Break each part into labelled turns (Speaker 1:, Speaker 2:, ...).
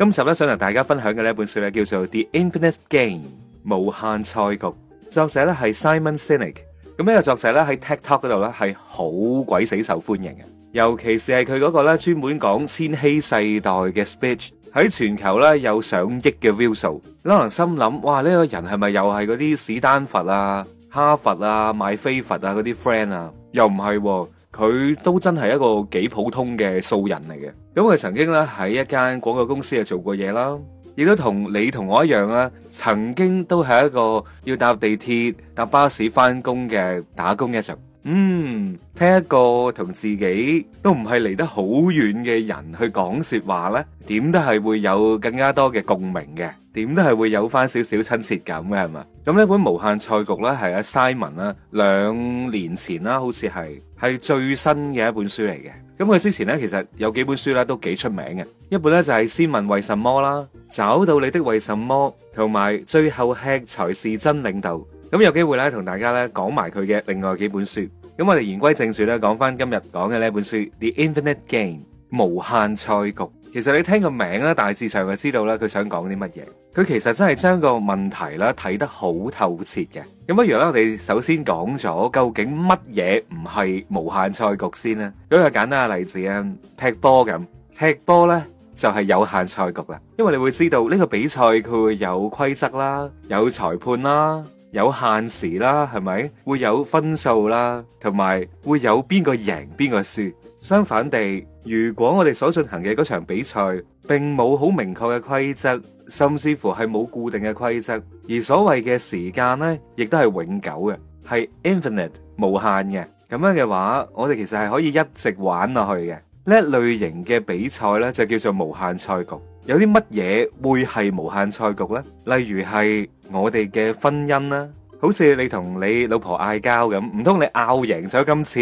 Speaker 1: 今集咧想同大家分享嘅呢一本書咧叫做《The Infinite Game》無限賽局，作者咧係 Simon Sinek。咁呢個作者咧喺 TikTok 嗰度咧係好鬼死受歡迎嘅，尤其是係佢嗰個咧專門講千禧世代嘅 speech，喺全球咧有上億嘅 view 數。可能心諗，哇，呢個人係咪又係嗰啲史丹佛啊、哈佛啊、買飛佛啊嗰啲 friend 啊？又唔係喎。佢都真係一個幾普通嘅素人嚟嘅。咁佢曾經咧喺一間廣告公司啊做過嘢啦，亦都同你同我一樣啦，曾經都係一個要搭地鐵搭巴士翻工嘅打工一族。嗯，聽一個同自己都唔係離得好遠嘅人去講說話咧，點都係會有更加多嘅共鳴嘅，點都係會有翻少少親切感嘅，係嘛？咁呢本《無限賽局》咧，係阿 Simon 啦，兩年前啦，好似係。係最新嘅一本書嚟嘅，咁佢之前呢，其實有幾本書咧都幾出名嘅，一本呢，就係、是、先問為什麼啦，找到你的為什麼，同埋最後吃才是真領導，咁有機會呢，同大家呢講埋佢嘅另外幾本書，咁我哋言歸正傳咧，講翻今日講嘅呢本書《The Infinite Game》無限賽局。其實你聽個名咧，大致上就知道咧佢想講啲乜嘢。佢其實真係將個問題啦睇得好透徹嘅。咁不如咧，我哋首先講咗究竟乜嘢唔係無限賽局先啦。舉個簡單嘅例子啊，踢波咁，踢波呢，就係有限賽局啦。因為你會知道呢個比賽佢會有規則啦，有裁判啦，有限時啦，係咪會有分數啦，同埋會有邊個贏邊個輸。相反地。如果我哋所進行嘅嗰場比賽並冇好明確嘅規則，甚至乎係冇固定嘅規則，而所謂嘅時間呢，亦都係永久嘅，係 infinite，無限嘅咁樣嘅話，我哋其實係可以一直玩落去嘅。呢一類型嘅比賽呢，就叫做無限賽局。有啲乜嘢會係無限賽局呢？例如係我哋嘅婚姻啦。好似你同你老婆嗌交咁，唔通你拗贏咗今次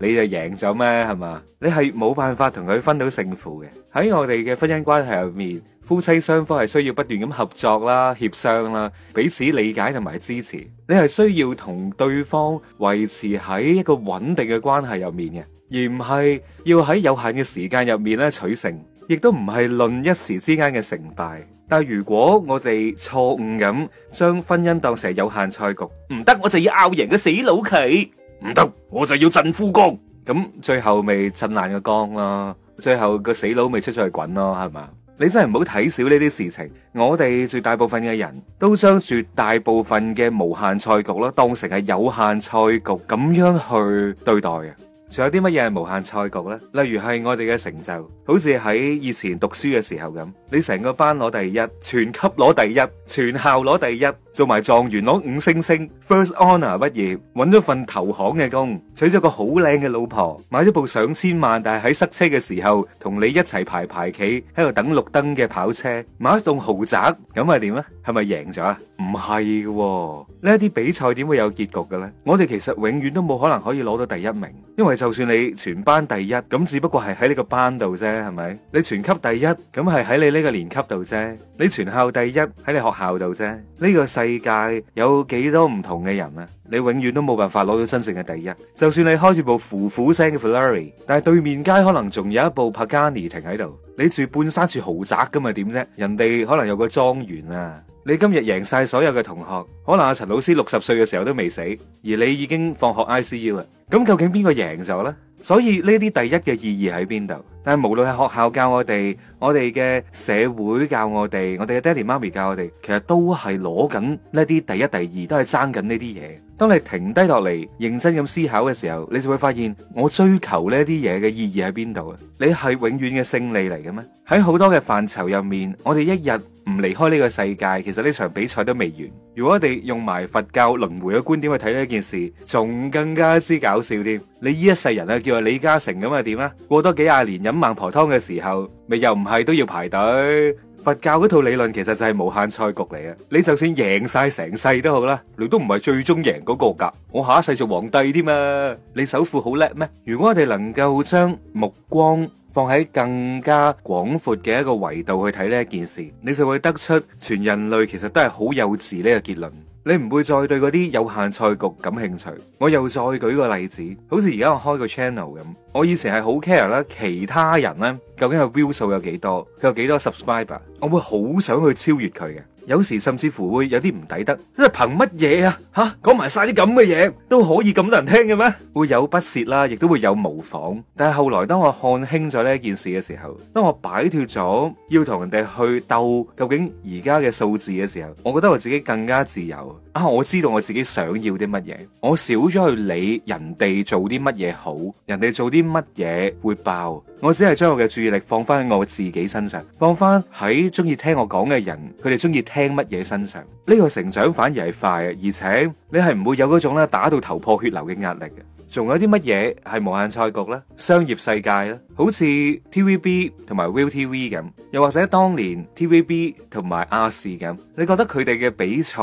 Speaker 1: 你就贏咗咩？係嘛？你係冇辦法同佢分到勝負嘅。喺我哋嘅婚姻關係入面，夫妻雙方係需要不斷咁合作啦、協商啦、彼此理解同埋支持。你係需要同對方維持喺一個穩定嘅關係入面嘅，而唔係要喺有限嘅時間入面咧取勝，亦都唔係論一時之間嘅成敗。但係如果我哋錯誤咁將婚姻當成係有限賽局，唔得我就要拗贏個死佬企，唔得我就要震夫綱，咁最後咪震爛個缸咯，最後個死佬咪出咗去滾咯，係嘛？你真係唔好睇小呢啲事情，我哋絕大部分嘅人都將絕大部分嘅無限賽局啦當成係有限賽局咁樣去對待嘅。仲有啲乜嘢係無限賽局呢？例如係我哋嘅成就，好似喺以前讀書嘅時候咁，你成個班攞第一，全級攞第一，全校攞第一，做埋狀元攞五星星，First Honor 畢業，搵咗份投行嘅工，娶咗個好靚嘅老婆，買咗部上千萬，但係喺塞車嘅時候同你一齊排排企喺度等綠燈嘅跑車，買一棟豪宅，咁係點啊？係咪贏咗啊？唔係嘅，呢一啲比賽點會有結局嘅咧？我哋其實永遠都冇可能可以攞到第一名，因為。就算你全班第一，咁只不過係喺呢個班度啫，係咪？你全級第一，咁係喺你呢個年級度啫。你全校第一，喺你學校度啫。呢、這個世界有幾多唔同嘅人啊？你永遠都冇辦法攞到真正嘅第一。就算你開住部呼呼聲嘅 Ferrari，但係對面街可能仲有一部 Pagani 停喺度。你住半山住豪宅咁啊？點啫？人哋可能有個莊園啊！你今日贏晒所有嘅同學，可能阿陳老師六十歲嘅時候都未死，而你已經放學 ICU 啦。咁究竟邊個贏咗呢？所以呢啲第一嘅意義喺邊度？但係無論係學校教我哋，我哋嘅社會教我哋，我哋嘅爹哋媽咪教我哋，其實都係攞緊呢啲第一、第二，都係爭緊呢啲嘢。當你停低落嚟認真咁思考嘅時候，你就會發現我追求呢啲嘢嘅意義喺邊度啊？你係永遠嘅勝利嚟嘅咩？喺好多嘅範疇入面，我哋一日。離開呢個世界，其實呢場比賽都未完。如果我哋用埋佛教輪迴嘅觀點去睇呢件事，仲更加之搞笑添。你依一世人啊，叫阿李嘉誠咁啊點啊？過多幾廿年飲孟婆湯嘅時候，咪又唔係都要排隊？佛教嗰套理論其實就係無限賽局嚟啊！你就算贏晒成世都好啦，你都唔係最終贏嗰個噶。我下一世做皇帝添啊！你首富好叻咩？如果我哋能夠將目光放喺更加廣闊嘅一個維度去睇呢一件事，你就會得出全人類其實都係好幼稚呢個結論。你唔會再對嗰啲有限賽局感興趣。我又再舉個例子，好似而家我開個 channel 咁，我以前係好 care 啦，其他人呢，究竟個 view 數有幾多，佢有幾多 subscriber，我會好想去超越佢嘅。有時甚至乎會有啲唔抵得，即係憑乜嘢啊吓，講埋晒啲咁嘅嘢，都可以咁多人聽嘅咩？會有不屑啦，亦都會有模仿。但係後來當我看輕咗呢一件事嘅時候，當我擺脫咗要同人哋去鬥究竟而家嘅數字嘅時候，我覺得我自己更加自由啊！我知道我自己想要啲乜嘢，我少咗去理人哋做啲乜嘢好，人哋做啲乜嘢會爆，我只係將我嘅注意力放翻喺我自己身上，放翻喺中意聽我講嘅人，佢哋中意聽聽乜嘢身上？呢個成長反而係快嘅，而且你係唔會有嗰種咧打到頭破血流嘅壓力嘅。仲有啲乜嘢係無限賽局呢？商業世界呢，好似 TVB 同埋 ViuTV 咁，又或者當年 TVB 同埋亞視咁，你覺得佢哋嘅比賽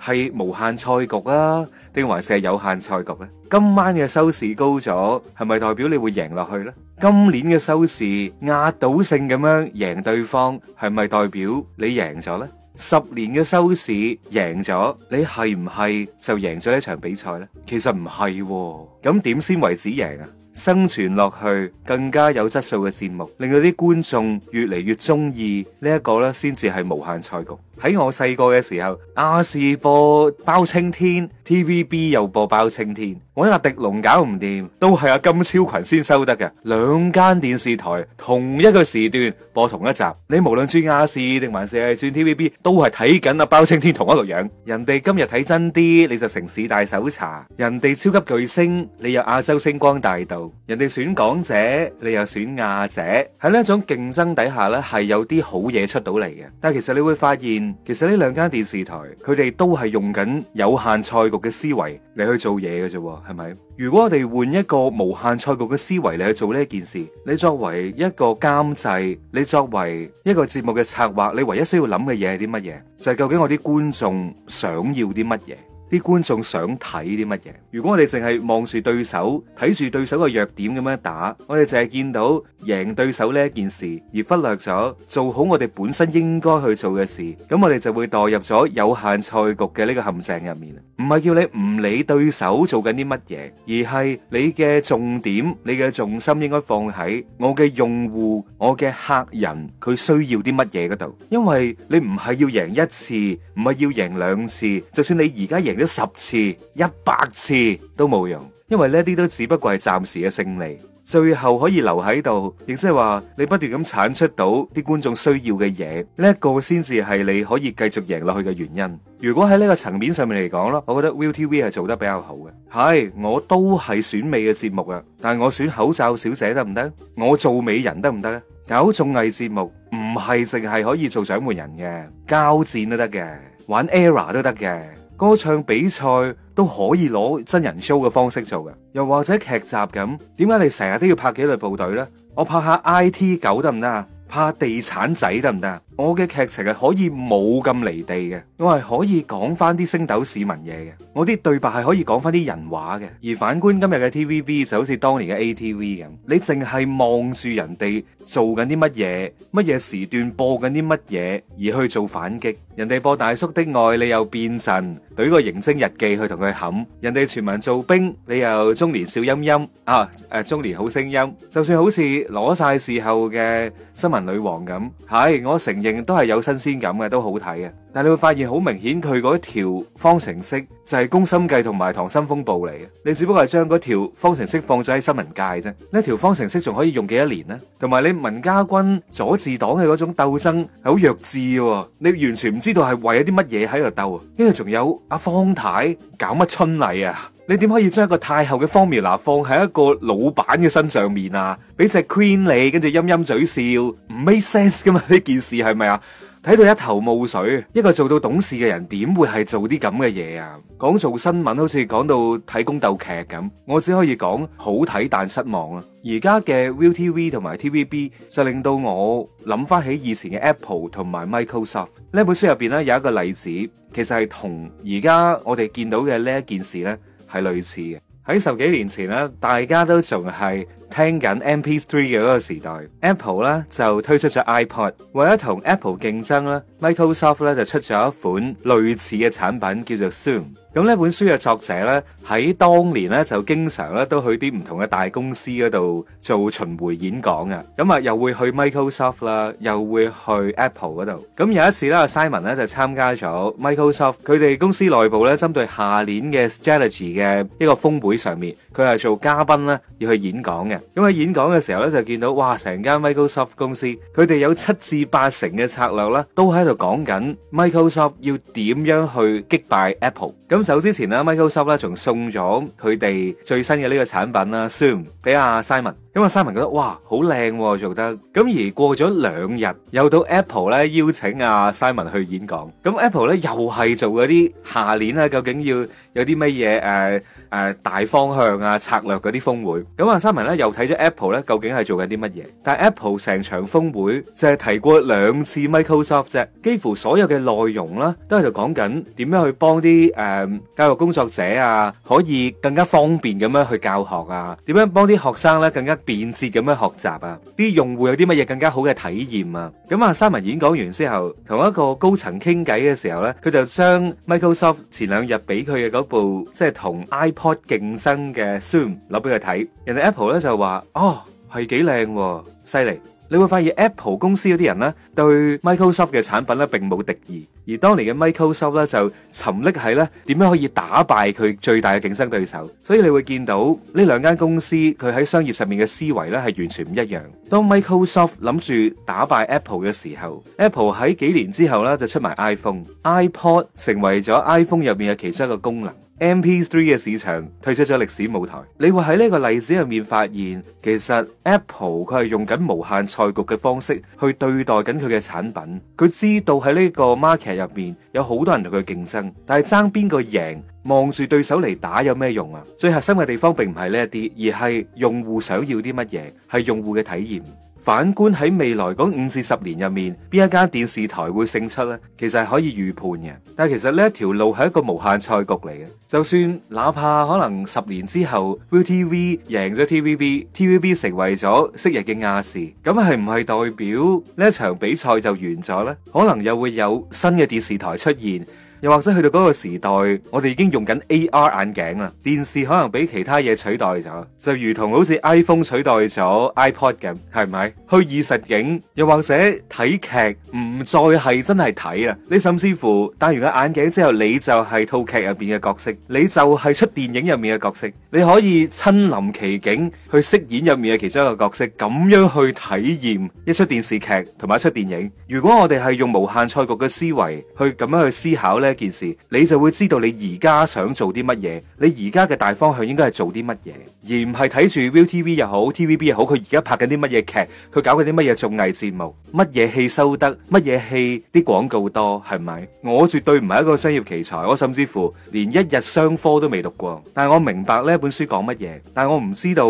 Speaker 1: 係無限賽局啊，定還是係有限賽局呢？今晚嘅收視高咗，係咪代表你會贏落去呢？今年嘅收視壓倒性咁樣贏對方，係咪代表你贏咗呢？十年嘅收視贏咗，你係唔係就贏咗呢一場比賽呢？其實唔係。哦，咁點先為止贏啊？生存落去更加有質素嘅節目，令到啲觀眾越嚟越中意呢一個呢，先至係無限賽局。喺我細個嘅時候，亞視播《包青天》，TVB 又播《包青天》，搵阿狄龍搞唔掂，都係阿金超群先收得嘅。兩間電視台同一個時段播同一集，你無論轉亞視定還是係轉 TVB，都係睇緊阿包青天同一個樣。人哋今日睇真啲，你就城市大搜查；人哋超級巨星，你又亞洲星光大道；人哋選港姐，你又選亞姐。喺呢一種競爭底下呢，係有啲好嘢，出到嚟嘅。但其實你會發現。其實呢兩間電視台，佢哋都係用緊有限賽局嘅思維嚟去做嘢嘅啫，係咪？如果我哋換一個無限賽局嘅思維嚟去做呢件事，你作為一個監製，你作為一個節目嘅策劃，你唯一需要諗嘅嘢係啲乜嘢？就係究竟我啲觀眾想要啲乜嘢？啲觀眾想睇啲乜嘢？如果我哋淨係望住對手，睇住對手嘅弱點咁樣打，我哋淨係見到贏對手呢一件事，而忽略咗做好我哋本身應該去做嘅事，咁我哋就會墮入咗有限賽局嘅呢個陷阱入面。唔係叫你唔理對手做緊啲乜嘢，而係你嘅重點、你嘅重心應該放喺我嘅用戶、我嘅客人，佢需要啲乜嘢嗰度。因為你唔係要贏一次，唔係要贏兩次，就算你而家贏。十次，一百次都冇用，因為呢一啲都只不過係暫時嘅勝利，最後可以留喺度，亦即係話你不斷咁產出到啲觀眾需要嘅嘢，呢一個先至係你可以繼續贏落去嘅原因。如果喺呢個層面上面嚟講咯，我覺得 ViuTV 係做得比較好嘅。係，我都係選美嘅節目啊，但係我選口罩小姐得唔得？我做美人得唔得？搞綜藝節目唔係淨係可以做獎門人嘅，膠戰都得嘅，玩 ERROR 都得嘅。歌唱比賽都可以攞真人 show 嘅方式做嘅，又或者劇集咁，點解你成日都要拍紀律部隊呢？我拍下 IT 狗得唔得啊？拍下地產仔得唔得啊？我嘅劇情係可以冇咁離地嘅，我係可以講返啲星斗市民嘢嘅。我啲對白係可以講返啲人話嘅。而反觀今日嘅 TVB 就好似當年嘅 ATV 咁，你淨係望住人哋做緊啲乜嘢、乜嘢時段播緊啲乜嘢而去做反擊。人哋播大叔的愛，你又變陣，懟個刑偵日記去同佢冚。人哋全民造兵，你又中年笑陰陰啊！誒，中年好聲音，就算好似攞晒時候嘅新聞女王咁，係我承認。都係有新鮮感嘅，都好睇嘅。但係你會發現好明顯，佢嗰條方程式就係《宮心計》同埋《溏心風暴》嚟嘅。你只不過係將嗰條方程式放咗喺新聞界啫。呢條方程式仲可以用幾多年呢？同埋你文家軍佐治黨嘅嗰種鬥爭係好弱智嘅，你完全唔知道係為咗啲乜嘢喺度鬥。因為仲有阿、啊、方太搞乜春禮啊！你點可以將一個太后嘅 formula 放喺一個老闆嘅身上面啊？俾隻 Queen 你，跟住陰陰嘴笑，唔 make sense 噶嘛？呢件事係咪啊？睇到一頭霧水。一個做到董事嘅人，點會係做啲咁嘅嘢啊？講做新聞，好似講到睇宮鬥劇咁。我只可以講好睇，但失望啊！而家嘅 ViuTV 同埋 TVB 就令到我諗翻起以前嘅 Apple 同埋 Microsoft。呢本書入邊咧有一個例子，其實係同而家我哋見到嘅呢一件事咧。係類似嘅，喺十幾年前咧，大家都仲係聽緊 MP3 嘅嗰個時代，Apple 呢就推出咗 iPod，為咗同 Apple 競爭咧，Microsoft 咧就出咗一款類似嘅產品，叫做 Zune。咁呢本書嘅作者咧，喺當年咧就經常咧都去啲唔同嘅大公司嗰度做巡迴演講㗎，咁啊又會去 Microsoft 啦，又會去 Apple 嗰度。咁有一次啦，Simon 咧就參加咗 Microsoft 佢哋公司內部咧，針對下年嘅 strategy 嘅一個峰會上面，佢係做嘉賓咧要去演講嘅。咁喺演講嘅時候咧，就見到哇，成間 Microsoft 公司佢哋有七至八成嘅策略咧，都喺度講緊 Microsoft 要點樣去擊敗 Apple 咁。走之前咧，Microsoft 咧仲送咗佢哋最新嘅呢個產品啦，Zoom 俾阿 Simon。咁啊，Simon 覺得哇，好靚喎，做得。咁而過咗兩日，又到 Apple 咧邀請啊 Simon 去演講。咁 Apple 咧又係做嗰啲下年咧究竟要有啲乜嘢？誒誒大方向啊策略嗰啲峯會。咁啊，Simon 咧又睇咗 Apple 咧究竟係做緊啲乜嘢？但係 Apple 成場峯會淨係提過兩次 Microsoft 啫，幾乎所有嘅內容啦都喺度講緊點樣去幫啲誒教育工作者啊可以更加方便咁樣去教學啊，點樣幫啲學生咧更加。便捷咁樣學習啊，啲用戶有啲乜嘢更加好嘅體驗啊？咁啊，三文演講完之後，同一個高層傾偈嘅時候呢，佢就將 Microsoft 前兩日俾佢嘅嗰部即係同 iPod 競爭嘅 Zoom 攞俾佢睇，人哋 Apple 咧就話哦，係幾靚，犀利。你會發現 Apple 公司嗰啲人咧，對 Microsoft 嘅產品咧，並冇敵意。而當年嘅 Microsoft 咧，就沉溺喺咧點樣可以打敗佢最大嘅競爭對手。所以你會見到呢兩間公司佢喺商業上面嘅思維咧，係完全唔一樣。當 Microsoft 諗住打敗 Apple 嘅時候，Apple 喺幾年之後咧就出埋 iPhone、iPod，成為咗 iPhone 入面嘅其中一個功能。MP3 嘅市場退出咗歷史舞台，你會喺呢個例子入面發現，其實 Apple 佢係用緊無限賽局嘅方式去對待緊佢嘅產品。佢知道喺呢個 market 入面有好多人同佢競爭，但係爭邊個贏，望住對手嚟打有咩用啊？最核心嘅地方並唔係呢一啲，而係用戶想要啲乜嘢，係用戶嘅體驗。反觀喺未來嗰五至十年入面，邊一間電視台會勝出呢？其實係可以預判嘅。但係其實呢一條路係一個無限賽局嚟嘅。就算哪怕可能十年之後，ViuTV 贏咗 TVB，TVB 成為咗昔日嘅亞視，咁係唔係代表呢一場比賽就完咗呢？可能又會有新嘅電視台出現。又或者去到嗰個時代，我哋已經用緊 AR 眼鏡啦，電視可能俾其他嘢取代咗，就如同好似 iPhone 取代咗 iPod 咁，係唔係？虛擬實景，又或者睇劇唔再係真係睇啦。你甚至乎戴完個眼鏡之後，你就係套劇入邊嘅角色，你就係出電影入面嘅角色，你可以親臨其境去飾演入面嘅其中一個角色，咁樣去體驗一出電視劇同埋一出電影。如果我哋係用無限賽局嘅思維去咁樣去思考咧？一件事，你就會知道你而家想做啲乜嘢，你而家嘅大方向應該係做啲乜嘢，而唔係睇住 ViuTV 又好，TVB 又好，佢而家拍緊啲乜嘢劇，佢搞緊啲乜嘢綜藝節目，乜嘢戲收得，乜嘢戲啲廣告多，係咪？我絕對唔係一個商業奇才，我甚至乎連一日商科都未讀過，但係我明白呢本書講乜嘢，但係我唔知道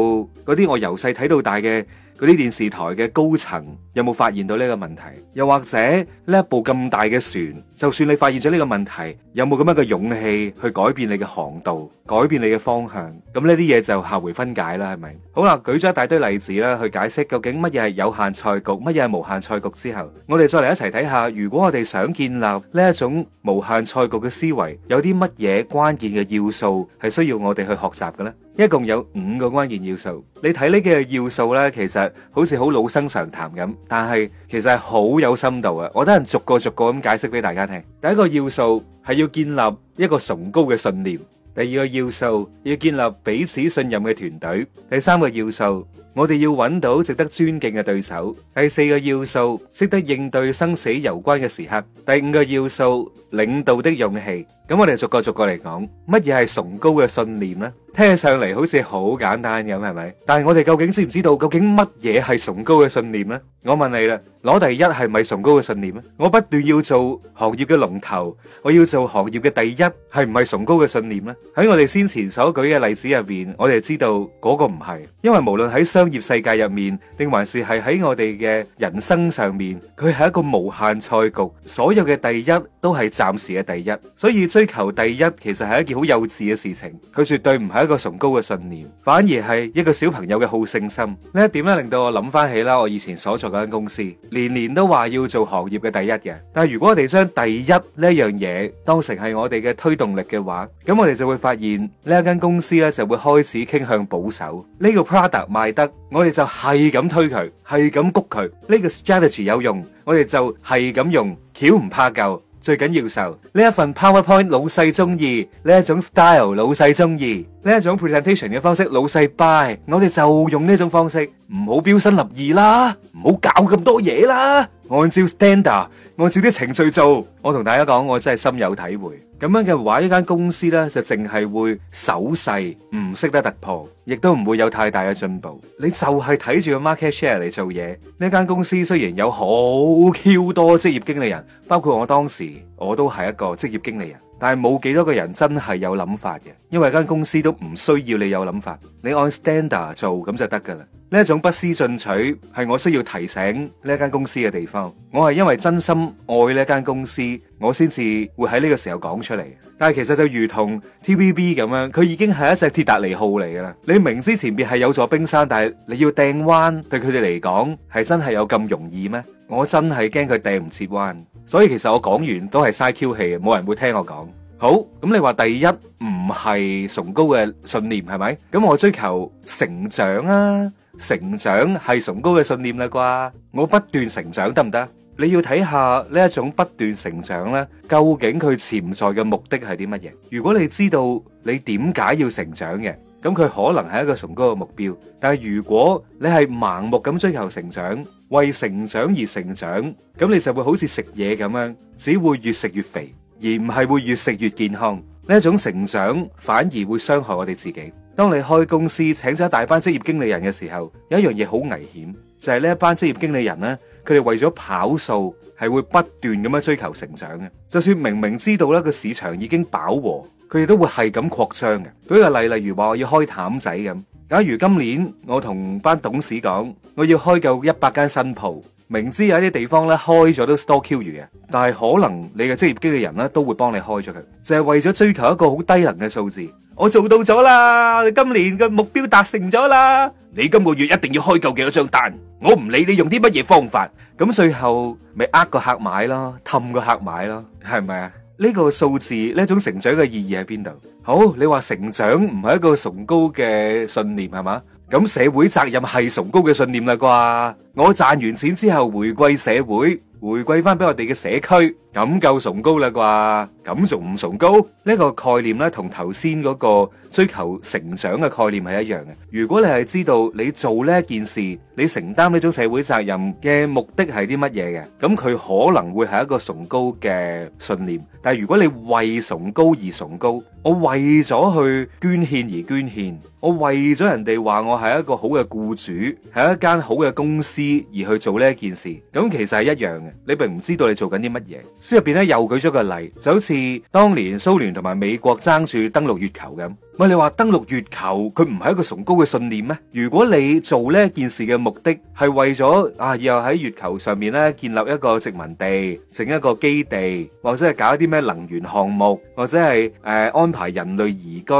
Speaker 1: 嗰啲我由細睇到大嘅。嗰啲電視台嘅高層有冇發現到呢個問題？又或者呢一部咁大嘅船，就算你發現咗呢個問題，有冇咁樣嘅勇氣去改變你嘅航道，改變你嘅方向？咁呢啲嘢就下回分解啦，係咪？好啦，舉咗一大堆例子啦，去解釋究竟乜嘢係有限賽局，乜嘢係無限賽局之後，我哋再嚟一齊睇下，如果我哋想建立呢一種無限賽局嘅思維，有啲乜嘢關鍵嘅要素係需要我哋去學習嘅咧？一共有五個關鍵要素，你睇呢幾個要素呢，其實好似好老生常談咁，但係其實係好有深度嘅。我等陣逐個逐個咁解釋俾大家聽。第一個要素係要建立一個崇高嘅信念，第二個要素要建立彼此信任嘅團隊，第三個要素我哋要揾到值得尊敬嘅對手，第四個要素識得應對生死攸關嘅時刻，第五個要素。領導的勇氣，咁我哋逐個逐個嚟講，乜嘢係崇高嘅信念呢？聽起上嚟好似好簡單咁，係咪？但係我哋究竟知唔知道究竟乜嘢係崇高嘅信念呢？我問你啦，攞第一係咪崇高嘅信念呢？我不斷要做行業嘅龍頭，我要做行業嘅第一，係唔係崇高嘅信念呢？喺我哋先前所舉嘅例子入邊，我哋知道嗰個唔係，因為無論喺商業世界入面，定還是係喺我哋嘅人生上面，佢係一個無限賽局，所有嘅第一都係暫時嘅第一，所以追求第一其實係一件好幼稚嘅事情，佢絕對唔係一個崇高嘅信念，反而係一個小朋友嘅好勝心。呢一點咧令到我諗翻起啦，我以前所在嗰間公司年年都話要做行業嘅第一嘅，但係如果我哋將第一呢樣嘢當成係我哋嘅推動力嘅話，咁我哋就會發現呢一間公司咧就會開始傾向保守。呢個 product 賣得，我哋就係咁推佢，係咁谷佢。呢個 strategy 有用，我哋就係咁用，橋唔怕舊。最緊要受呢一份 PowerPoint，老細中意呢一種 style，老細中意呢一種 presentation 嘅方式，老細 buy 我哋就用呢種方式，唔好標新立異啦，唔好搞咁多嘢啦。按照 standard，按照啲程序做，我同大家講，我真係深有體會。咁樣嘅話，呢間公司呢，就淨係會守勢，唔識得突破，亦都唔會有太大嘅進步。你就係睇住個 market share 嚟做嘢。呢間公司雖然有好 Q 多職業經理人，包括我當時我都係一個職業經理人。但係冇幾多個人真係有諗法嘅，因為間公司都唔需要你有諗法，你按 standard 做咁就得噶啦。呢一種不思進取係我需要提醒呢一間公司嘅地方。我係因為真心愛呢一間公司，我先至會喺呢個時候講出嚟。但係其實就如同 TVB 咁樣，佢已經係一隻鐵達尼號嚟噶啦。你明知前面係有座冰山，但係你要掟彎，對佢哋嚟講係真係有咁容易咩？我真係驚佢掟唔切彎。所以其實我講完都係嘥 Q 氣，冇人會聽我講。好，咁你話第一唔係崇高嘅信念係咪？咁我追求成長啊，成長係崇高嘅信念啦啩。我不斷成長得唔得？你要睇下呢一種不斷成長咧，究竟佢潛在嘅目的係啲乜嘢？如果你知道你點解要成長嘅，咁佢可能係一個崇高嘅目標，但係如果你係盲目咁追求成長，為成長而成長，咁你就會好似食嘢咁樣，只會越食越肥，而唔係會越食越健康。呢一種成長反而會傷害我哋自己。當你開公司請咗一大班職業經理人嘅時候，有一樣嘢好危險，就係呢一班職業經理人呢，佢哋為咗跑數，係會不斷咁樣追求成長嘅，就算明明知道呢個市場已經飽和。佢哋都會係咁擴張嘅。舉個例，例如話我要開譚仔咁。假如今年我同班董事講，我要開夠一百間新鋪，明知喺啲地方咧開咗都多 q 餘嘅，但係可能你嘅職業經理人咧都會幫你開咗佢，就係為咗追求一個好低能嘅數字。我做到咗啦，我今年嘅目標達成咗啦。你今個月一定要開夠幾多張單，我唔理你用啲乜嘢方法。咁最後咪呃個客買咯，氹個客買咯，係咪啊？呢個數字呢，一種成長嘅意義喺邊度？好，你話成長唔係一個崇高嘅信念係嘛？咁社會責任係崇高嘅信念啦啩？我賺完錢之後回歸社會，回歸翻俾我哋嘅社區。咁夠崇高啦啩？咁仲唔崇高？呢個概念呢，同頭先嗰個追求成長嘅概念係一樣嘅。如果你係知道你做呢一件事，你承擔呢種社會責任嘅目的係啲乜嘢嘅，咁佢可能會係一個崇高嘅信念。但係如果你為崇高而崇高，我為咗去捐獻而捐獻，我為咗人哋話我係一個好嘅僱主，係一間好嘅公司而去做呢一件事，咁其實係一樣嘅。你並唔知道你做緊啲乜嘢。書入邊咧，又舉咗個例，就好似當年蘇聯同埋美國爭住登陸月球咁。咪你話登陸月球，佢唔係一個崇高嘅信念咩？如果你做呢件事嘅目的係為咗啊，以後喺月球上面咧建立一個殖民地，整一個基地，或者係搞一啲咩能源項目，或者係誒安排人類移居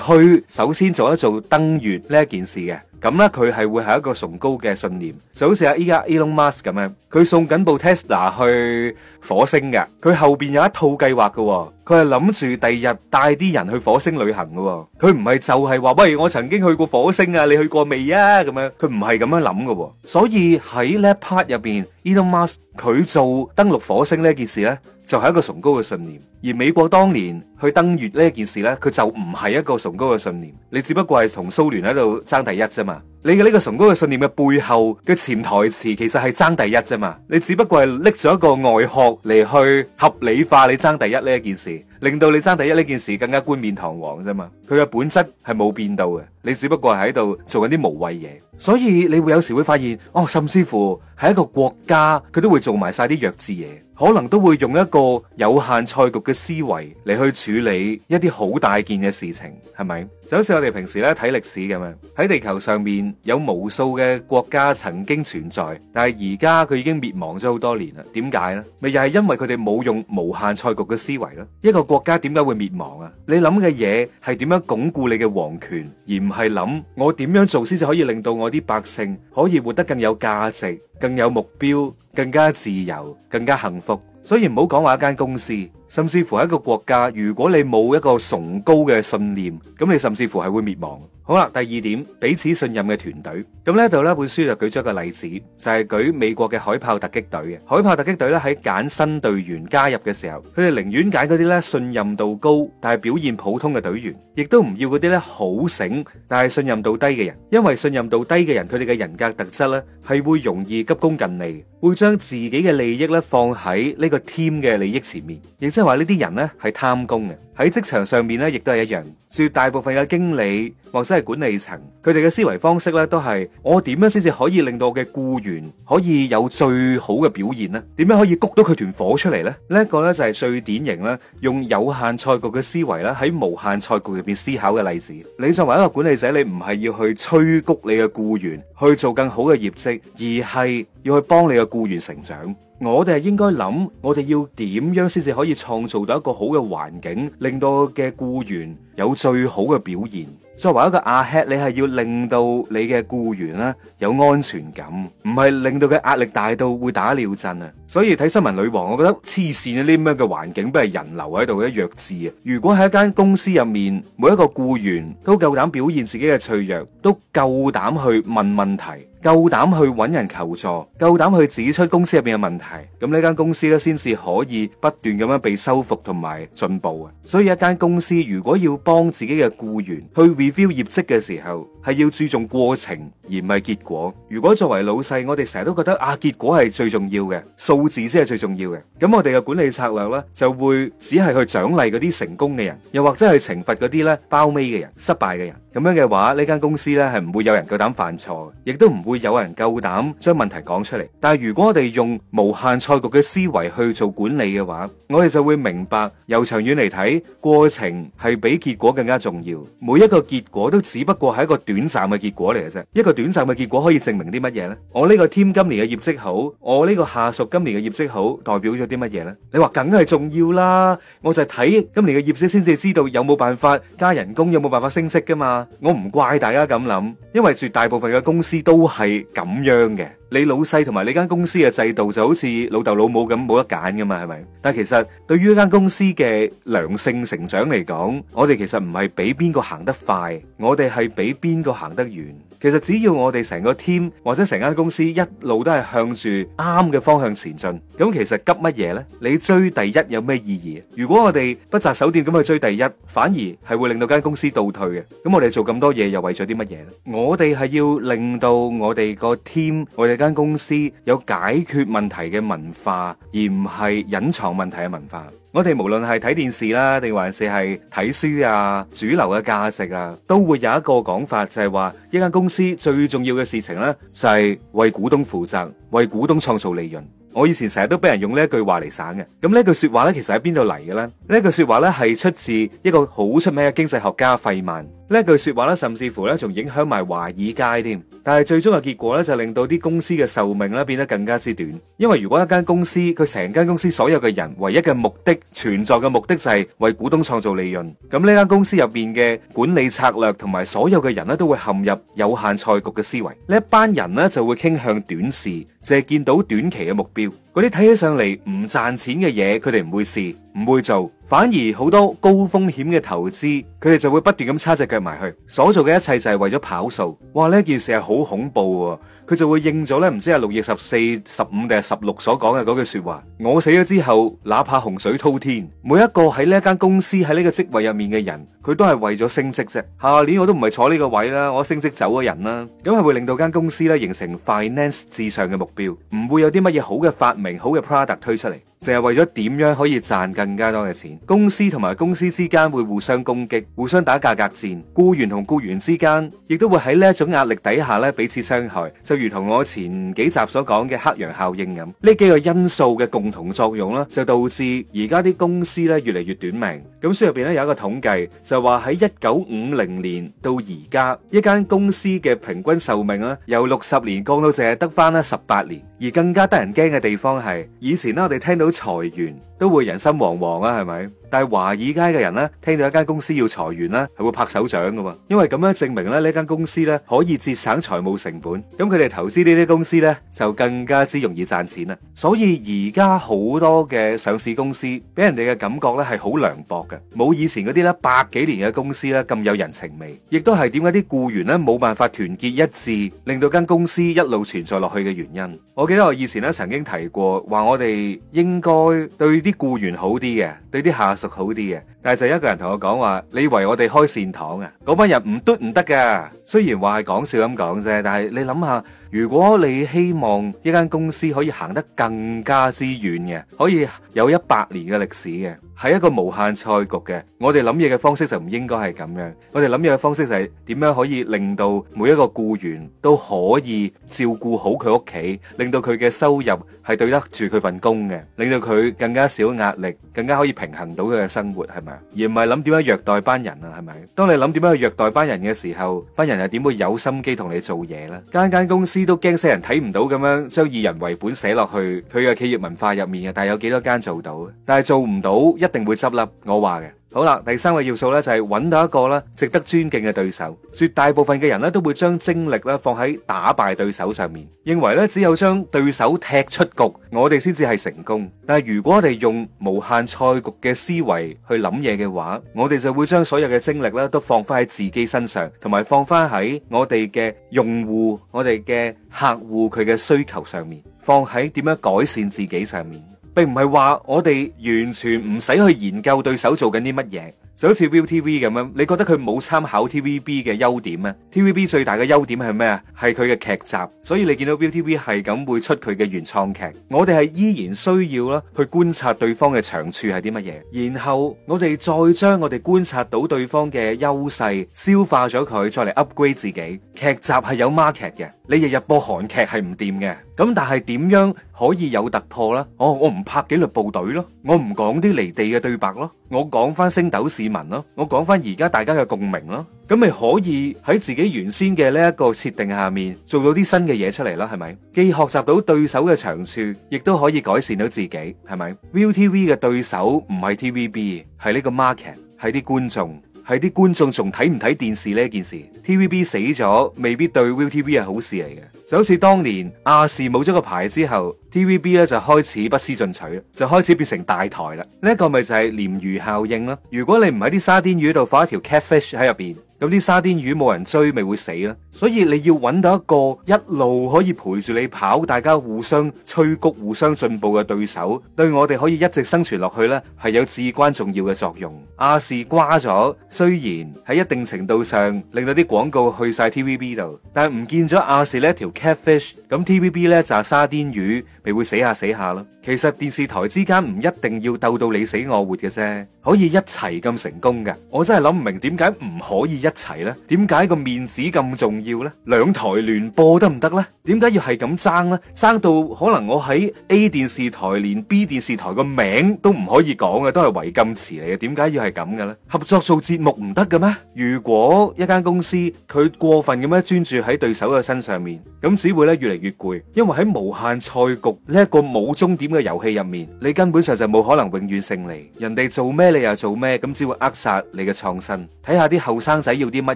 Speaker 1: 而去，首先做一做登月呢件事嘅。咁咧，佢係會係一個崇高嘅信念，就好似阿依家 Elon Musk 咁樣，佢送緊部 Tesla 去火星嘅，佢後邊有一套計劃嘅哦。佢係諗住第日帶啲人去火星旅行噶喎，佢唔係就係話喂，我曾經去過火星啊，你去過未啊？咁樣佢唔係咁樣諗噶喎，所以喺呢 part 入邊，Elon Musk 佢做登陸火星呢件事呢，就係一個崇高嘅信念。而美國當年去登月呢件事呢，佢就唔係一個崇高嘅信念，你只不過係同蘇聯喺度爭第一啫嘛。你嘅呢個崇高嘅信念嘅背後嘅潛台詞，其實係爭第一啫嘛。你只不過係拎咗一個外殼嚟去合理化你爭第一呢一件事。令到你爭第一呢件事更加冠冕堂皇啫嘛，佢嘅本質係冇變到嘅，你只不過係喺度做緊啲無謂嘢，所以你會有時會發現，哦，甚至乎係一個國家，佢都會做埋晒啲弱智嘢。可能都會用一個有限賽局嘅思維嚟去處理一啲好大件嘅事情，係咪？就好似我哋平時咧睇歷史咁樣，喺地球上面有無數嘅國家曾經存在，但係而家佢已經滅亡咗好多年啦。點解呢？咪又係因為佢哋冇用無限賽局嘅思維咯。一個國家點解會滅亡啊？你諗嘅嘢係點樣鞏固你嘅皇權，而唔係諗我點樣做先至可以令到我啲百姓可以活得更有價值。更有目標，更加自由，更加幸福。所以唔好講話一間公司，甚至乎係一個國家，如果你冇一個崇高嘅信念，咁你甚至乎係會滅亡。好啦，第二點，彼此信任嘅團隊。咁呢一度咧，本書就舉咗一個例子，就係舉美國嘅海豹突擊隊嘅。海豹突擊隊咧，喺揀新隊員加入嘅時候，佢哋寧願揀嗰啲咧信任度高但係表現普通嘅隊員，亦都唔要嗰啲咧好醒但係信任度低嘅人。因為信任度低嘅人，佢哋嘅人格特質咧係會容易急功近利，會將自己嘅利益咧放喺呢個 team 嘅利益前面，亦即係話呢啲人咧係貪功嘅。喺職場上面咧，亦都係一樣。絕大部分嘅經理或者係管理層，佢哋嘅思維方式咧，都係我點樣先至可以令到我嘅雇員可以有最好嘅表現呢？點樣可以谷到佢團火出嚟呢？這個、呢一個咧就係、是、最典型咧，用有限賽局嘅思維咧，喺無限賽局入邊思考嘅例子。你作為一個管理者，你唔係要去催谷你嘅雇員去做更好嘅業績，而係要去幫你嘅雇員成長。我哋係應該諗，我哋要點樣先至可以創造到一個好嘅環境，令到嘅僱員有最好嘅表現。作為一個阿、ah、head，你係要令到你嘅僱員咧有安全感，唔係令到佢壓力大到會打尿震啊。所以睇新聞女王，我覺得黐線啊！呢啲咁樣嘅環境，都係人流喺度嘅弱智啊！如果喺一間公司入面，每一個僱員都夠膽表現自己嘅脆弱，都夠膽去問問題。夠膽去搵人求助，夠膽去指出公司入邊嘅問題，咁呢間公司咧先至可以不斷咁樣被修復同埋進步啊！所以一間公司如果要幫自己嘅僱員去 review 業績嘅時候，係要注重過程而唔係結果。如果作為老細，我哋成日都覺得啊，結果係最重要嘅，數字先係最重要嘅。咁我哋嘅管理策略咧，就會只係去獎勵嗰啲成功嘅人，又或者係懲罰嗰啲咧包尾嘅人，失敗嘅人。咁樣嘅話，呢間公司咧係唔會有人夠膽犯錯，亦都唔會。會有人夠膽將問題講出嚟，但係如果我哋用無限賽局嘅思維去做管理嘅話，我哋就會明白，由長遠嚟睇，過程係比結果更加重要。每一個結果都只不過係一個短暫嘅結果嚟嘅啫，一個短暫嘅結果可以證明啲乜嘢呢？我呢個 team 今年嘅業績好，我呢個下屬今年嘅業績好，代表咗啲乜嘢呢？你話梗係重要啦，我就係睇今年嘅業績，先至知道有冇辦法加人工，有冇辦法升職噶嘛？我唔怪大家咁諗，因為絕大部分嘅公司都係。係咁樣嘅，你老細同埋你間公司嘅制度就好似老豆老母咁冇得揀噶嘛，係咪？但係其實對於一間公司嘅良性成長嚟講，我哋其實唔係比邊個行得快，我哋係比邊個行得遠。其實只要我哋成個 team 或者成間公司一路都係向住啱嘅方向前進，咁其實急乜嘢呢？你追第一有咩意義？如果我哋不擇手段咁去追第一，反而係會令到間公司倒退嘅。咁我哋做咁多嘢又為咗啲乜嘢呢？我哋係要令到我哋個 team，我哋間公司有解決問題嘅文化，而唔係隱藏問題嘅文化。我哋無論係睇電視啦，定還是係睇書啊，主流嘅價值啊，都會有一個講法，就係話一間公司最重要嘅事情呢，就係為股東負責，為股東創造利潤。我以前成日都俾人用呢一句話嚟省嘅。咁呢句說話呢，其實喺邊度嚟嘅咧？呢句說話呢，係出自一個好出名嘅經濟學家費曼。呢一句說話咧，甚至乎咧，仲影響埋華爾街添。但係最終嘅結果咧，就令到啲公司嘅壽命咧變得更加之短。因為如果一間公司佢成間公司所有嘅人，唯一嘅目的存在嘅目的就係為股東創造利潤。咁呢間公司入邊嘅管理策略同埋所有嘅人咧，都會陷入有限賽局嘅思維。呢一班人咧就會傾向短視，淨係見到短期嘅目標。嗰啲睇起上嚟唔賺錢嘅嘢，佢哋唔會試，唔會做。反而好多高風險嘅投資，佢哋就會不斷咁叉隻腳埋去，所做嘅一切就係為咗跑數。哇！呢件事係好恐怖，佢就會應咗咧，唔知係六月十四、十五定係十六所講嘅嗰句說話。我死咗之後，哪怕洪水滔天，每一個喺呢間公司喺呢個職位入面嘅人，佢都係為咗升職啫。下年我都唔係坐呢個位啦，我升職走嘅人啦，咁係會令到間公司咧形成 finance 至上嘅目標，唔會有啲乜嘢好嘅發明、好嘅 product 推出嚟。淨係為咗點樣可以賺更加多嘅錢，公司同埋公司之間會互相攻擊，互相打價格戰，僱員同僱員之間亦都會喺呢一種壓力底下咧彼此傷害。就如同我前幾集所講嘅黑羊效應咁，呢幾個因素嘅共同作用啦，就導致而家啲公司咧越嚟越短命。咁書入邊咧有一個統計，就話喺一九五零年到而家，一間公司嘅平均壽命啦由六十年降到淨係得翻咧十八年。而更加得人驚嘅地方係，以前咧我哋聽到。裁員。都會人心惶惶啊，係咪？但係華爾街嘅人咧，聽到一間公司要裁員咧，係會拍手掌噶嘛？因為咁樣證明咧，呢間公司咧可以節省財務成本。咁佢哋投資呢啲公司咧，就更加之容易賺錢啊！所以而家好多嘅上市公司，俾人哋嘅感覺咧，係好涼薄嘅，冇以前嗰啲咧百幾年嘅公司咧咁有人情味。亦都係點解啲僱員咧冇辦法團結一致，令到間公司一路存在落去嘅原因。我記得我以前咧曾經提過，話我哋應該對啲。僱員好啲嘅，對啲下屬好啲嘅，但係就一個人同我講話你以為我哋開善堂啊！嗰班人唔嘟唔得噶雖然話係講笑咁講啫，但係你諗下，如果你希望一間公司可以行得更加之遠嘅，可以有一百年嘅歷史嘅。係一個無限賽局嘅，我哋諗嘢嘅方式就唔應該係咁樣。我哋諗嘢嘅方式就係點樣可以令到每一個僱員都可以照顧好佢屋企，令到佢嘅收入係對得住佢份工嘅，令到佢更加少壓力，更加可以平衡到佢嘅生活，係咪？而唔係諗點樣虐待班人啊？係咪？當你諗點樣去虐待班人嘅時候，班人又點會有心機同你做嘢呢？間間公司都驚死人睇唔到咁樣將以人為本寫落去佢嘅企業文化入面嘅，但係有幾多間做到啊？但係做唔到。一定會執笠，我話嘅好啦。第三個要素呢，就係揾到一個呢，值得尊敬嘅對手。絕大部分嘅人呢，都會將精力呢放喺打敗對手上面，認為呢，只有將對手踢出局，我哋先至係成功。但係如果我哋用無限賽局嘅思維去諗嘢嘅話，我哋就會將所有嘅精力呢都放翻喺自己身上，同埋放翻喺我哋嘅用戶、我哋嘅客戶佢嘅需求上面，放喺點樣改善自己上面。並唔係話我哋完全唔使去研究對手做緊啲乜嘢。就好似 ViuTV 咁樣，你覺得佢冇參考 TVB 嘅優點咩？TVB 最大嘅優點係咩啊？係佢嘅劇集，所以你見到 ViuTV 係咁會出佢嘅原創劇，我哋係依然需要啦去觀察對方嘅長處係啲乜嘢，然後我哋再將我哋觀察到對方嘅優勢消化咗佢，再嚟 upgrade 自己。劇集係有 market 嘅，你日日播韓劇係唔掂嘅，咁但係點樣可以有突破呢？哦，我唔拍紀律部隊咯，我唔講啲離地嘅對白咯。我講翻升斗市民咯，我講翻而家大家嘅共鳴咯，咁咪可以喺自己原先嘅呢一個設定下面做到啲新嘅嘢出嚟咯，係咪？既學習到對手嘅長處，亦都可以改善到自己，係咪？ViuTV 嘅對手唔係 TVB，係呢個 market，係啲觀眾。係啲觀眾仲睇唔睇電視呢件事？TVB 死咗，未必對 Viu TV 係好事嚟嘅。就好似當年亞視冇咗個牌之後，TVB 咧，就開始不思進取，就開始變成大台啦。呢一個咪就係鯰魚效應啦。如果你唔喺啲沙甸魚度放一條 catfish 喺入邊。有啲沙甸魚冇人追，咪會死啦。所以你要揾到一個一路可以陪住你跑，大家互相吹谷、互相進步嘅對手，對我哋可以一直生存落去呢，係有至關重要嘅作用。亞視瓜咗，雖然喺一定程度上令到啲廣告去晒 TVB 度，但係唔見咗亞視呢一條 catfish，咁 TVB 呢就係沙甸魚，咪會死下死下啦。其實電視台之間唔一定要鬥到你死我活嘅啫，可以一齊咁成功嘅。我真係諗唔明點解唔可以一齊呢？點解個面子咁重要呢？兩台聯播得唔得呢？點解要係咁爭呢？爭到可能我喺 A 電視台連 B 電視台個名都唔可以講嘅，都係違禁詞嚟嘅。點解要係咁嘅呢？合作做節目唔得嘅咩？如果一間公司佢過分咁樣專注喺對手嘅身上面，咁只會咧越嚟越攰，因為喺無限賽局呢一個冇終點個遊戲入面，你根本上就冇可能永遠勝利。人哋做咩，你又做咩，咁只會扼殺你嘅創新。睇下啲後生仔要啲乜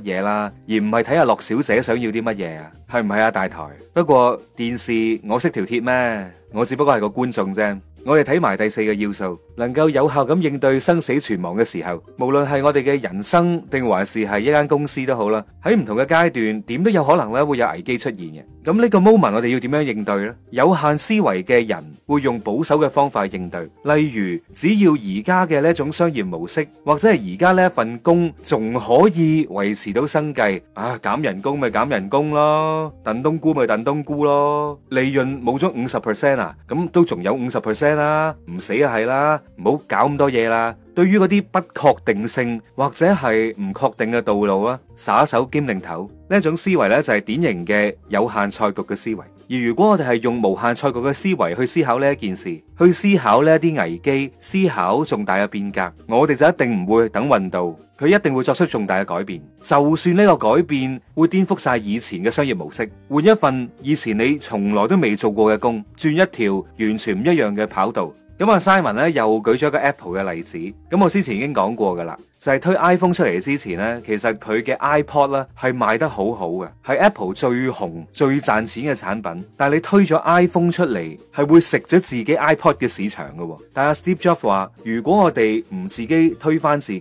Speaker 1: 嘢啦，而唔係睇下樂小姐想要啲乜嘢啊？係唔係啊？大台。不過電視，我識條鐵咩？我只不過係個觀眾啫。我哋睇埋第四個要素。能夠有效咁應對生死存亡嘅時候，無論係我哋嘅人生定還是係一間公司都好啦。喺唔同嘅階段，點都有可能咧會有危機出現嘅。咁呢個 moment 我哋要點樣應對呢？有限思維嘅人會用保守嘅方法去應對，例如只要而家嘅呢一種商業模式或者係而家呢一份工仲可以維持到生計，啊減人工咪減人工咯，燉冬菇咪燉冬菇咯，利潤冇咗五十 percent 啊，咁都仲有五十 percent 啦，唔死係啦。唔好搞咁多嘢啦！對於嗰啲不確定性或者係唔確定嘅道路啊，耍手兼擰頭呢一種思維呢，就係典型嘅有限賽局嘅思維。而如果我哋係用無限賽局嘅思維去思考呢一件事，去思考呢一啲危機，思考重大嘅變革，我哋就一定唔會等運到，佢一定會作出重大嘅改變。就算呢個改變會顛覆晒以前嘅商業模式，換一份以前你從來都未做過嘅工，轉一條完全唔一樣嘅跑道。咁啊，Simon 咧又舉咗一個 Apple 嘅例子，咁我之前已經講過噶啦。就係推 iPhone 出嚟之前咧，其實佢嘅 iPod 咧係賣得好好嘅，係 Apple 最紅最賺錢嘅產品。但係你推咗 iPhone 出嚟，係會食咗自己 iPod 嘅市場嘅。但係 Steve Jobs 話，如果我哋唔自己推翻自己，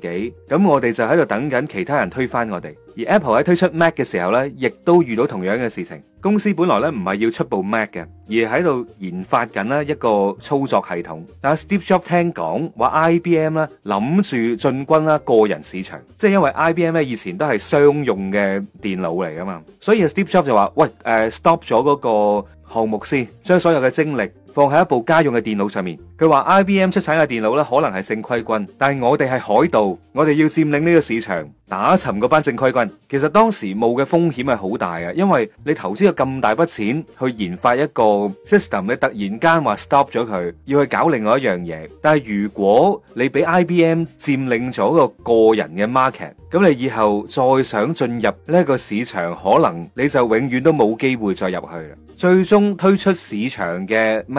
Speaker 1: 咁我哋就喺度等緊其他人推翻我哋。而 Apple 喺推出 Mac 嘅時候咧，亦都遇到同樣嘅事情。公司本來咧唔係要出部 Mac 嘅，而喺度研發緊啦一個操作系統。但係 Steve Jobs 聽講話，IBM 咧諗住進軍啦個人市場，即係因為 IBM 咧以前都係商用嘅電腦嚟㗎嘛，所以 Steve Jobs 就話：喂，誒、呃，stop 咗嗰個項目先，將所有嘅精力。放喺一部家用嘅電腦上面。佢話 IBM 出產嘅電腦咧，可能係正規軍，但係我哋係海盜，我哋要佔領呢個市場，打沉嗰班正規軍。其實當時冒嘅風險係好大嘅，因為你投資咗咁大筆錢去研發一個 system，你突然間話 stop 咗佢，要去搞另外一樣嘢。但係如果你俾 IBM 佔領咗個個人嘅 market，咁你以後再想進入呢個市場，可能你就永遠都冇機會再入去啦。最終推出市場嘅。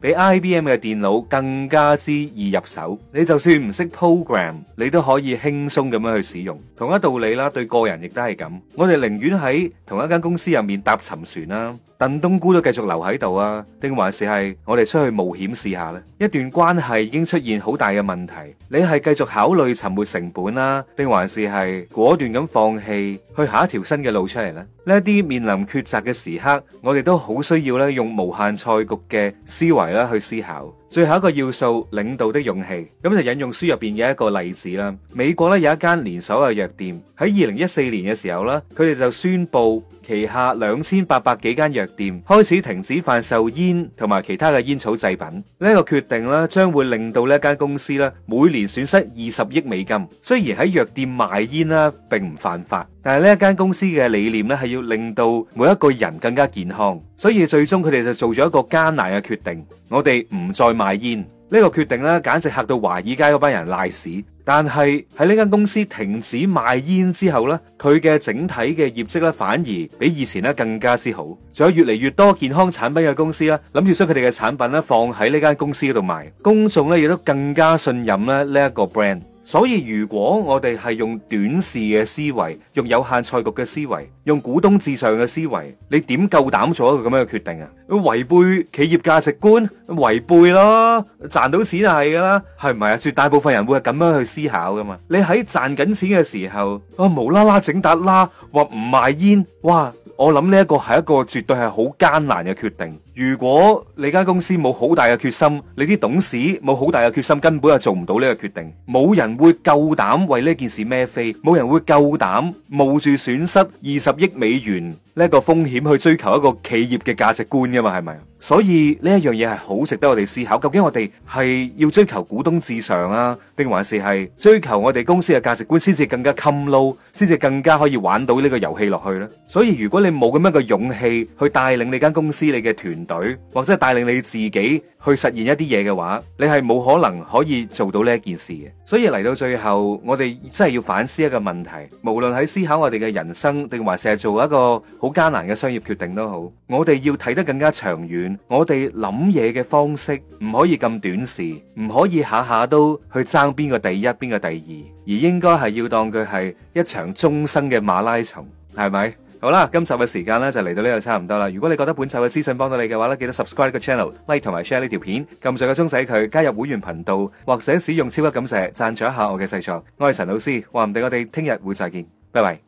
Speaker 1: 比 IBM 嘅電腦更加之易入手，你就算唔識 program，你都可以輕鬆咁樣去使用。同一道理啦，對個人亦都係咁。我哋寧願喺同一間公司入面搭沉船啦，燉冬菇都繼續留喺度啊，定還是係我哋出去冒險試下咧？一段關係已經出現好大嘅問題，你係繼續考慮沉沒成本啦，定還是係果斷咁放棄去下一條新嘅路出嚟咧？呢一啲面臨抉擇嘅時刻，我哋都好需要咧用無限賽局嘅思維。係啦，去思考。最後一個要素，領導的勇氣，咁就引用書入邊嘅一個例子啦。美國咧有一間連鎖嘅藥店喺二零一四年嘅時候啦，佢哋就宣布旗下兩千八百幾間藥店開始停止販售煙同埋其他嘅煙草製品。呢一個決定咧將會令到呢一間公司咧每年損失二十億美金。雖然喺藥店賣煙啦並唔犯法，但係呢一間公司嘅理念咧係要令到每一個人更加健康，所以最終佢哋就做咗一個艱難嘅決定，我哋唔再。賣煙呢個決定咧，簡直嚇到華爾街嗰班人賴屎。但係喺呢間公司停止賣煙之後咧，佢嘅整體嘅業績咧反而比以前咧更加之好。仲有越嚟越多健康產品嘅公司啦，諗住將佢哋嘅產品咧放喺呢間公司度賣，公眾咧亦都更加信任咧呢一個 brand。所以如果我哋係用短視嘅思維，用有限賽局嘅思維，用股東至上嘅思維，你點夠膽做一個咁樣嘅決定啊？要違背企業價值觀，違背咯，賺到錢就係噶啦，係唔係啊？絕大部分人會係咁樣去思考噶嘛？你喺賺緊錢嘅時候啊、哦，無啦啦整達啦，話唔賣煙，哇！我諗呢一個係一個絕對係好艱難嘅決定。如果你間公司冇好大嘅決心，你啲董事冇好大嘅決心，根本係做唔到呢個決定。冇人會夠膽為呢件事孭飛，冇人會夠膽冒住損失二十億美元呢一個風險去追求一個企業嘅價值觀噶嘛？係咪？所以呢一樣嘢係好值得我哋思考。究竟我哋係要追求股東至上啊，定還是係追求我哋公司嘅價值觀，先至更加襟撈，先至更加可以玩到呢個遊戲落去呢？所以如果你冇咁樣嘅勇氣去帶領你間公司、你嘅團，隊或者帶領你自己去實現一啲嘢嘅話，你係冇可能可以做到呢一件事嘅。所以嚟到最後，我哋真係要反思一個問題，無論喺思考我哋嘅人生，定還是係做一個好艱難嘅商業決定都好，我哋要睇得更加長遠。我哋諗嘢嘅方式唔可以咁短視，唔可以下下都去爭邊個第一，邊個第二，而應該係要當佢係一場終生嘅馬拉松，係咪？好啦，今集嘅時間呢就嚟到呢度差唔多啦。如果你覺得本集嘅資訊幫到你嘅話咧，記得 subscribe 呢個 channel、like 同埋 share 呢條片，撳上個鐘仔佢，加入會員頻道或者使用超級感謝贊助一下我嘅製作。我係陳老 C，話唔定我哋聽日會再見。拜拜。